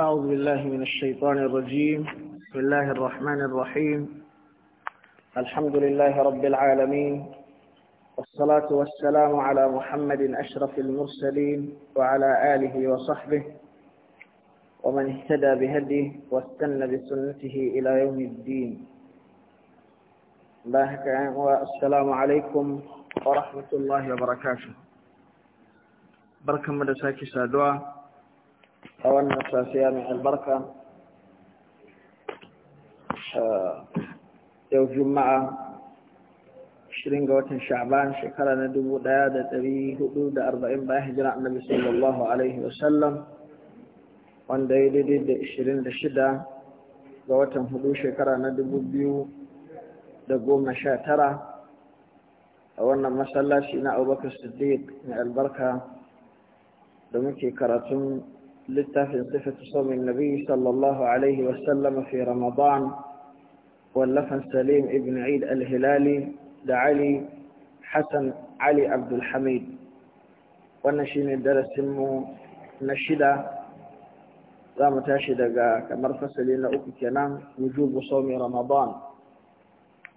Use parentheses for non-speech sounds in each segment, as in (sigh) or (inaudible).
أعوذ بالله من الشيطان الرجيم بسم الله الرحمن الرحيم الحمد لله رب العالمين والصلاة والسلام على محمد أشرف المرسلين وعلى آله وصحبه ومن اهتدى بهديه واستنى بسنته إلى يوم الدين السلام عليكم ورحمة الله وبركاته بركة مدساكي سادوا a wannan safiya mai albarka yau juma'a 20 ga watan sha'ban shekara na 1440 bayan hijira annabi sallallahu alaihi wasallam wanda ya daidai da 26 ga watan hudu shekara na 2019 a wannan masallaci na abubakar siddiq mai albarka da muke karatun لتفي صفة صوم النبي صلى الله عليه وسلم في رمضان واللفن سليم ابن عيد الهلالي لعلي حسن علي عبد الحميد ونشين الدرس مو نشدة لا متاشدة كمرفس لنا أكتنا وجوب صوم رمضان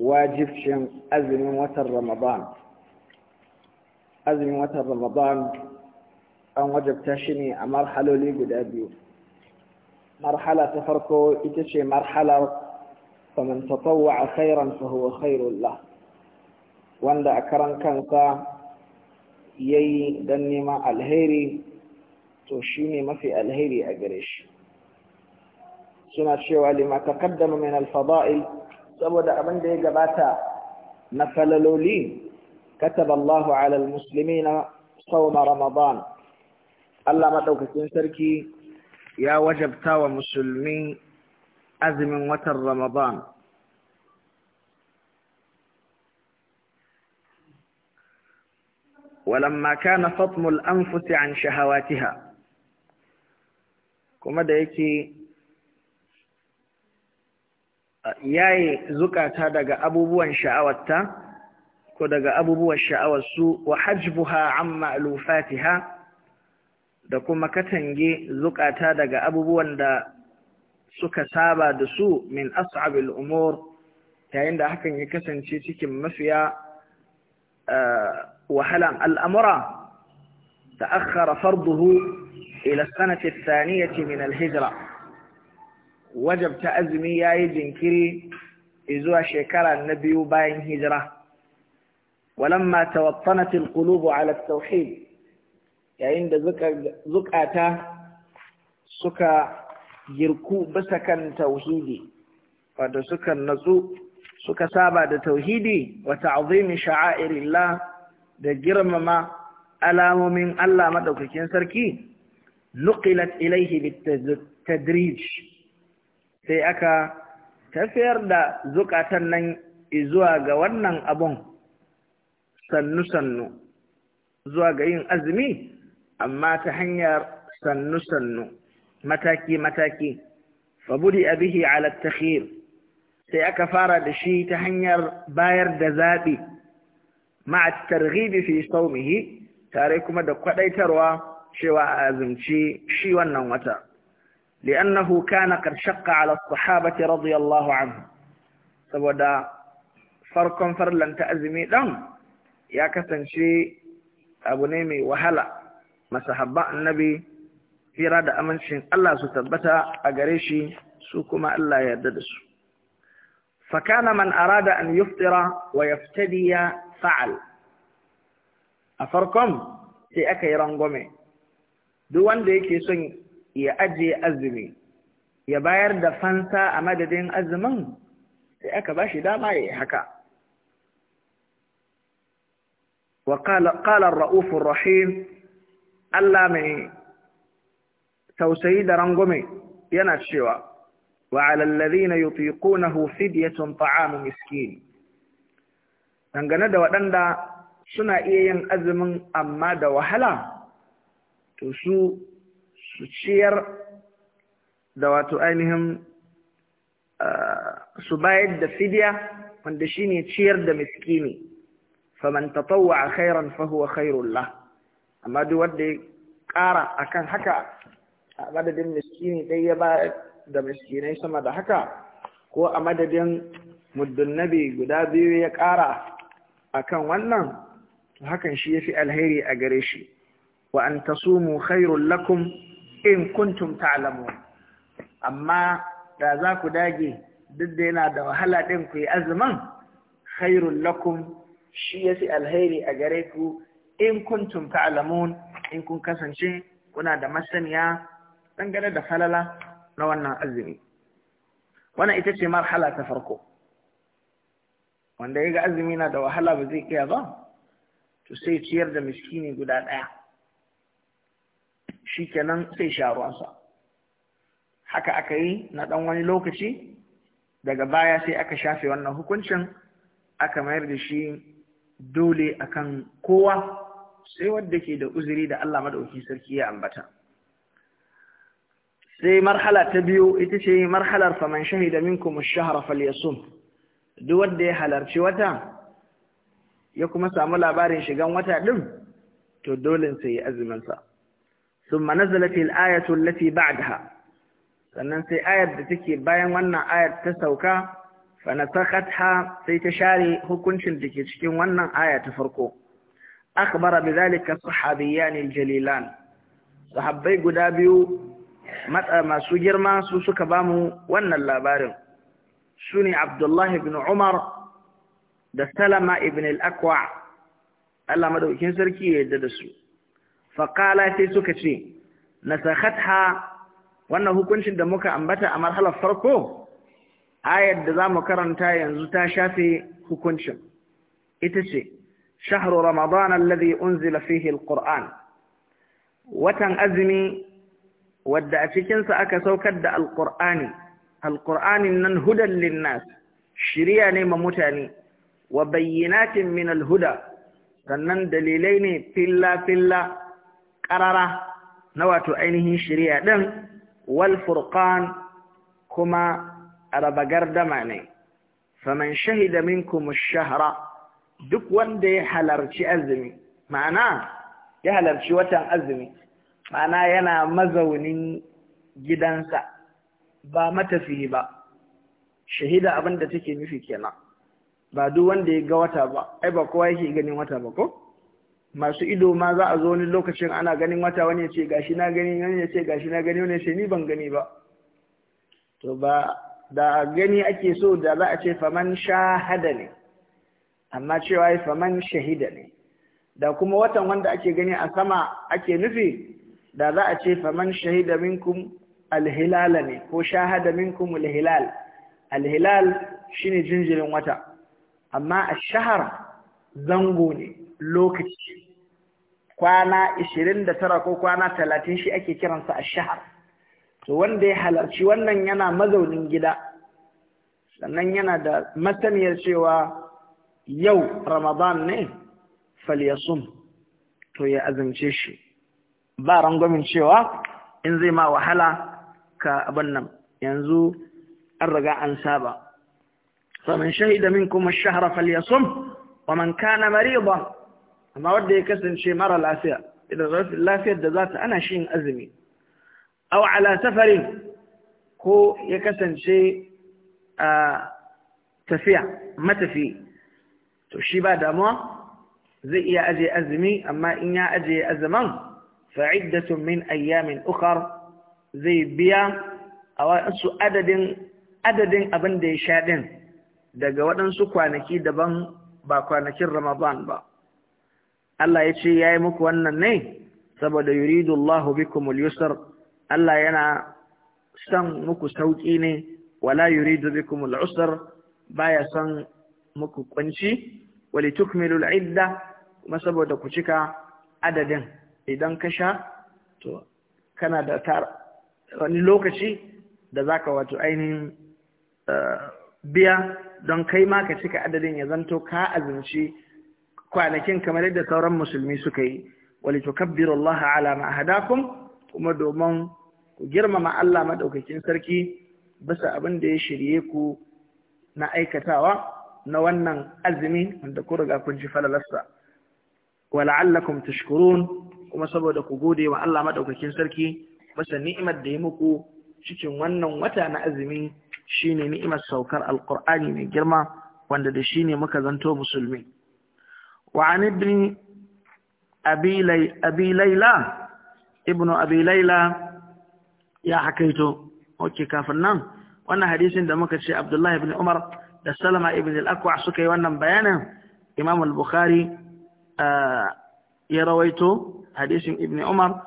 واجب شم أزم وتر رمضان أزم وتر رمضان أن تشني مرحلة لي قد أبي مرحلة تفرقوا إتشي مرحلة فمن تطوع خيرا فهو خير الله وان دا أكرن كانت يي دني ما الهيري توشيني ما في الهيري أجريش سنة شوى ما تقدم من الفضائل سبدا أبن دي قباتا نفللولين كتب الله على المسلمين صوم رمضان Allah maɗaukakin sarki ya wajabta wa musulmi azumin watan Ramadan. ولما كان فطم الأنفس عن شهواتها kuma da yake yayi zukata daga abubuwan sha'awarta ko daga abubuwan sha'awarsu wa hajbuha an fatiha da kuma katange zukata daga abubuwan da suka saba da su min as'abil umur yayin da hakan ya kasance cikin mafiya wahalan al'amura ta'akhkhara farduhu ila sanati thaniyati min al-hijra wajabta azumi yayi jinkiri izuwa shekara na biyu bayan hijira ولما توطنت القلوب على التوحيد yayin da zukata suka girku bisa kan tauhidi wato suka natsu suka saba da tauhidi wa ta'zimi sha'airillah da girmama alamomin Allah madaukakin sarki nuqilat ilaihi bitadrij sai aka tafiyar da zukatan nan zuwa ga wannan abun sannu sannu zuwa ga yin azumi amma ta hanyar sannu-sannu mataki-mataki fabudi abihi ala takhir sai aka fara da shi ta hanyar bayar da zaɓi ma'a targhibi fi saumihi tare kuma da kwaɗaitarwa cewa a azumci shi wannan wata li'annahu kana qad shaqqa 'ala as-sahabati radiyallahu anhu saboda farkon farlanta azumi dan ya kasance abu ne mai wahala masahabba annabi hira da amincin Allah su tabbata a gare shi su kuma Allah ya yarda da su fakana man arada an yuftira wa yaftadiya fa'al a farkon sai aka yi rangwame duk wanda yake son ya ajiye azumi ya bayar da fansa a madadin azumin sai aka bashi shi dama ya yi haka وقال قال الرؤوف الرحيم Allah mai tausayi da rangume yana cewa wa alallazina yutiqunahu fidyatun ta'amu miskin dangane da waɗanda suna iya yin azumin amma da wahala to su su ciyar da wato ainihin ah, su bayar da fidya wanda shine ciyar da miskini faman tatawwa khairan fa huwa khairul lahu amma duk wanda ya ƙara akan haka a madadin miskini ɗaya ya ba da miskinai sama da haka ko a madadin muddunnabi guda biyu ya ƙara akan wannan hakan shi yafi alheri a gare shi wa an tasumu khairul lakum in kuntum ta'lamun amma da za ku dage duk da yana da wahala ɗin ku yi azumin khairul lakum shi yafi alheri a gare ku in kuntum ta'lamun in kun kasance kuna da masaniya dangane da falala na wannan azumi wannan ita ce marhala ta farko wanda yaga azumi na da wahala ba zai iya ba to sai ciyar da miskini guda ɗaya shi kenan sai sharuwansa haka aka yi na ɗan wani lokaci daga baya sai aka shafe wannan hukuncin aka mayar da shi dole akan kowa sai wadda ke da uzuri da Allah madauki sarki ya ambata sai marhala ta biyu ita ce marhalar faman shahida minkum ash-shahra falyasum duk wanda ya halarci wata ya kuma samu labarin shigan wata din to dole sai ya azumin sa thumma nazalat al-ayatu allati ba'daha sannan sai ayar da take bayan wannan ayar ta sauka fa nasakhatha sai ta share hukuncin da ke cikin wannan aya ta farko akbara bi sahabiyan jalilan sahabbai guda biyu masu girma su suka bamu wannan labarin sune Abdullah ibn Umar da Salama ibn al-Aqwa Allah sarki ya yarda da su faqala sai suka ce nasakhatha wannan hukuncin da muka ambata a marhalar farko ayar da zamu karanta yanzu ta shafe hukuncin ita ce شهر رمضان الذي أنزل فيه القرآن وتن أزمي ودع في كنس أكسو كدع القرآن القرآن من هدى للناس شرياني ممتاني وبينات من الهدى سنن دليلين في الله في نوات عينه شريا دم والفرقان كما أربقر دماني فمن شهد منكم الشهر duk wanda ya halarci azumi ma'ana ya halarci watan azumi ma'ana yana mazaunin gidansa ba matafiyi ba shahida abin da take nufi kenan ba duk wanda ya ga wata ba ai ba kowa yake ganin wata ba ko masu ido ma za a zo wani lokacin ana ganin wata wani ya ce gashi na gani wani ya ce gashi na gani wani ya ce ni ban gani ba to ba da gani ake so da za a ce faman shahada ne amma cewa ya faman shahida ne da kuma watan wanda ake gani a sama ake nufi da za a ce faman shahida minkum alhilal ne ko shahada minkum alhilal alhilal shine jinjirin wata amma a shahar zango ne lokaci kwana 29 ko kwana 30 shi ake kiransa a shahar to wanda ya halarci wannan yana mazaunin gida sannan yana da masaniyar cewa يو رمضان نه فليصم تو يا اذن شيشي بارن غومن شيوا ان زي ما وحلا كا ينزو الرجاء انسابا فمن شهد منكم الشهر فليصم ومن كان مريضا ما ودي يكسن شي مره لاسيا اذا غير لاسيا ذات انا شين ازمي او على سفر هو يكسن شي آه، تفيع ما تفيه to shi ba damuwa zai iya ajiye azumi amma in ya ajiye azumin fa'iddatun min ayyamin ukhar zai biya a waɗansu adadin adadin abin da ya sha din daga waɗansu kwanaki daban ba kwanakin Ramadan ba Allah ya ce yayi muku wannan ne saboda yuridu Allahu bikumul yusr Allah yana son muku sauki ne wala yuridu bikumul usr baya son muku kwanci wali tukmilu al'idda kuma saboda ku cika adadin idan ka sha to kana da wani lokaci da zaka wato ainihin eh, biya don kai ma ka cika adadin ya zanto ka azinci kwanakin kamar yadda sauran musulmi suka yi wali tukabbiru Allah ala ma hadakum kuma domin ku girmama Allah madaukakin sarki bisa abin da ya shirye ku na aikatawa na wannan azumi wanda ku riga kun ji falalarsa wa la'allakum tashkurun kuma saboda ku gode wa Allah madaukakin sarki masa ni'imar da ya muku cikin wannan wata na azumi shine ni'imar saukar alqur'ani mai girma wanda da shine muka zanto musulmi wa an ibn abi abi layla ibnu abi layla ya hakaito kafin nan wannan hadisin da muka ce Abdullahi ibn Umar السلمة ابن الأكوع سكي ونم بيانه إمام البخاري آه، يرويته حديث ابن عمر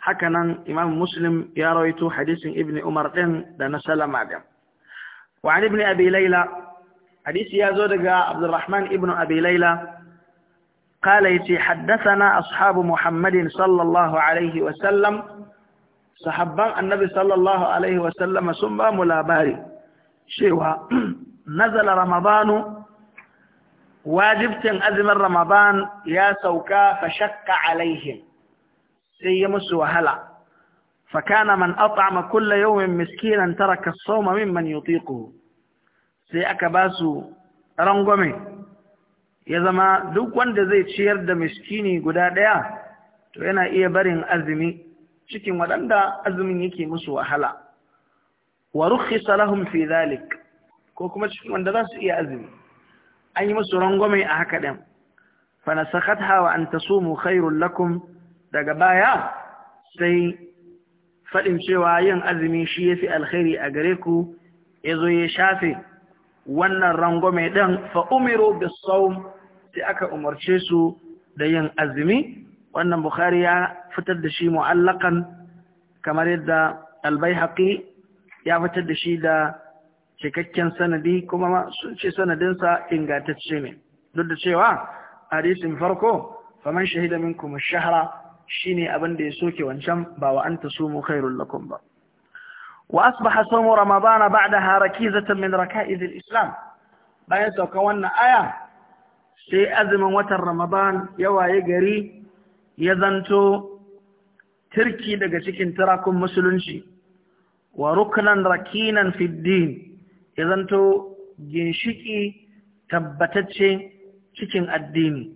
حكنا إمام مسلم يرويته حديث ابن عمر تن دان السلمة دم وعن ابن أبي ليلى حديث يزودك عبد الرحمن ابن أبي ليلى قال يتي حدثنا أصحاب محمد صلى الله عليه وسلم صحبا النبي صلى الله عليه وسلم ثم ملاباري شيوها نزل رمضان واجبتن أزم رمضان يا سوكا فشك عليهم سيمس وهلا فكان من أطعم كل يوم مسكينا ترك الصوم ممن يطيقه سي أكباسو سيأكباس رنقمي يزما دوك وان دزي تشير دا مسكيني قدادا توينا إيا برين أزمي شكي مدان دا أزمي يكي مسوى هلا ورخص لهم في ذلك ko kuma cikin wanda za su iya azumi an yi musu rangwame a haka ɗin fanasakat hawa an taso mu khairun lakum daga baya sai faɗin cewa yin azumi shi ya fi alkhairi a gare ku ya zo ya shafe wannan rangwame ɗin fa'umiro da saum sai aka umarce su da yin azumi wannan Bukhari ya fitar da shi mu'allakan kamar yadda albai haƙi ya fitar da shi da cikakken sanadi kuma sun ce sanadinsa ingantacce ne duk da cewa hadisin farko faman shahida minkum shahara, shahra shine abin da ya soke wancan ba wa anta sumu khairul lakum ba wa asbaha sawmu ramadana ba'daha rakizatan min raka'iz al-islam bayan saukan wannan aya sai azumin watan ramadan ya waye gari ya zanto turki daga cikin tarakun musulunci wa ruknan rakinan fiddin din ya zanto ginshiki tabbatacce cikin addini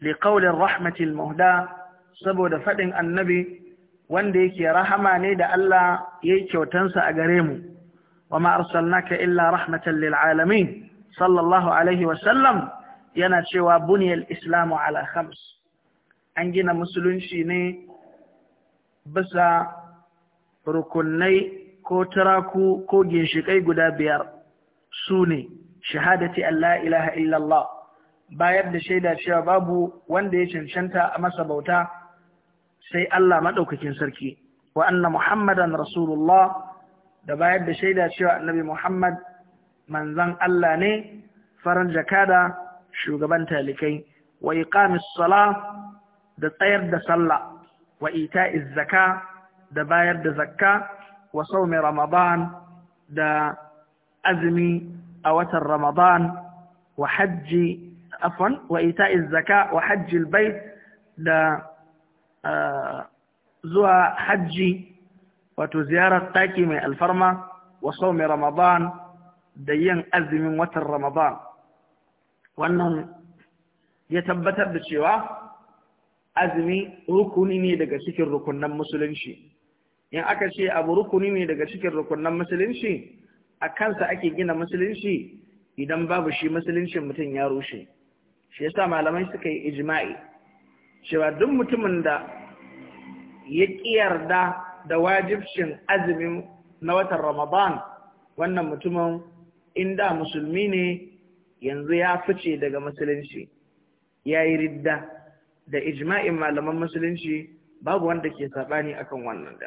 liƙaunin rahmatil muhda saboda faɗin annabi wanda yake rahama ne da Allah ya yi kyautansa a gare mu wa ma'arsalnaka illa rahmatan lil'alamin sallallahu alaihi sallam, yana cewa buniyar islamu ala khams an gina musulunci ne bisa rukunai ko turaku ko ginshikai guda biyar su ne shahadati Allah ilaha illallah bayar da shaida cewa babu wanda ya cancanta a masa bauta sai Allah maɗaukakin sarki wa anna muhammadan rasulullah da bayar da shaida cewa annabi muhammad manzan Allah ne farin jakada shugaban talikai wa iqamis sala da tsayar da sallah wa ita'iz zaka da bayar da zakka wa saumi ramadan da azumi a watan Ramadan wa hajji afwan wa ita'iz zaka wa hajji bait da zuwa hajji wato ziyarar taki mai alfarma wa mai Ramadan da yin azumin watan Ramadan wannan ya tabbatar da cewa azumi rukuni ne daga cikin rukunan musulunci in aka ce abu rukuni ne daga cikin rukunan musulunci a kansa ake gina musulunci idan babu shi musuluncin mutum ya rushe shi sa malamai suka yi ijima'i. cewa duk mutumin da ya yarda da wajibcin azumin na watan ramadan wannan mutumin inda musulmi ne yanzu ya fice daga musulunci ya yi ridda da ijma'in malaman musulunci babu wanda ke saɓani akan wannan da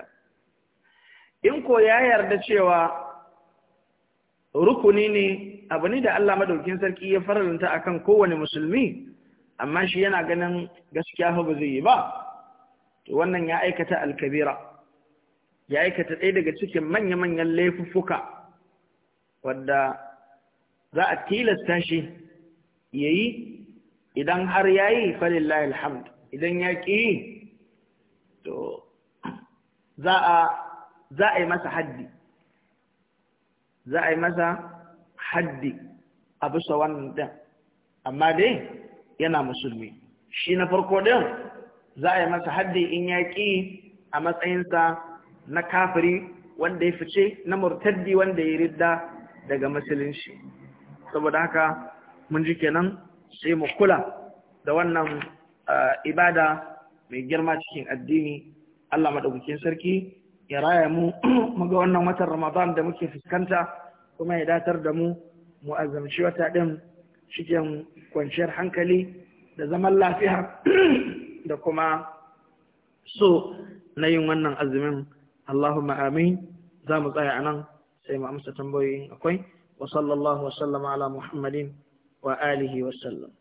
in ko ya yarda cewa rukuni ne abu ne da Allah madaukin sarki ya faranta akan kowane musulmi amma shi yana ganin gaskiya ba zai yi ba to wannan ya aikata alkabira ya aikata ɗaya daga cikin manya-manyan laifuffuka wadda za a tilasta shi yayi idan har yayi falillahi alhamd idan ya ƙi to za a za a yi masa haddi za a yi masa haddi a bisa wannan ɗin amma dai yana musulmi shi na farko ɗin za a yi masa haddi in ya ƙi a matsayinsa na kafiri wanda ya fice na murtaddi wanda ya ridda daga musulunci saboda haka mun ji kenan sai mu kula da wannan eh, ibada mai girma cikin addini Allah maɗaukakin sarki ya raya mu (clears throat) muga wannan watan Ramadan da muke fuskanta kuma ya datar da mu mu azamci wata din cikin kwanciyar hankali da zaman lafiya (clears throat) da kuma so na yin wannan azumin Allahumma amin za mu tsaya a nan sai mu amsa tambayoyin akwai wa sallallahu wa sallama ala Muhammadin wa alihi wa sallam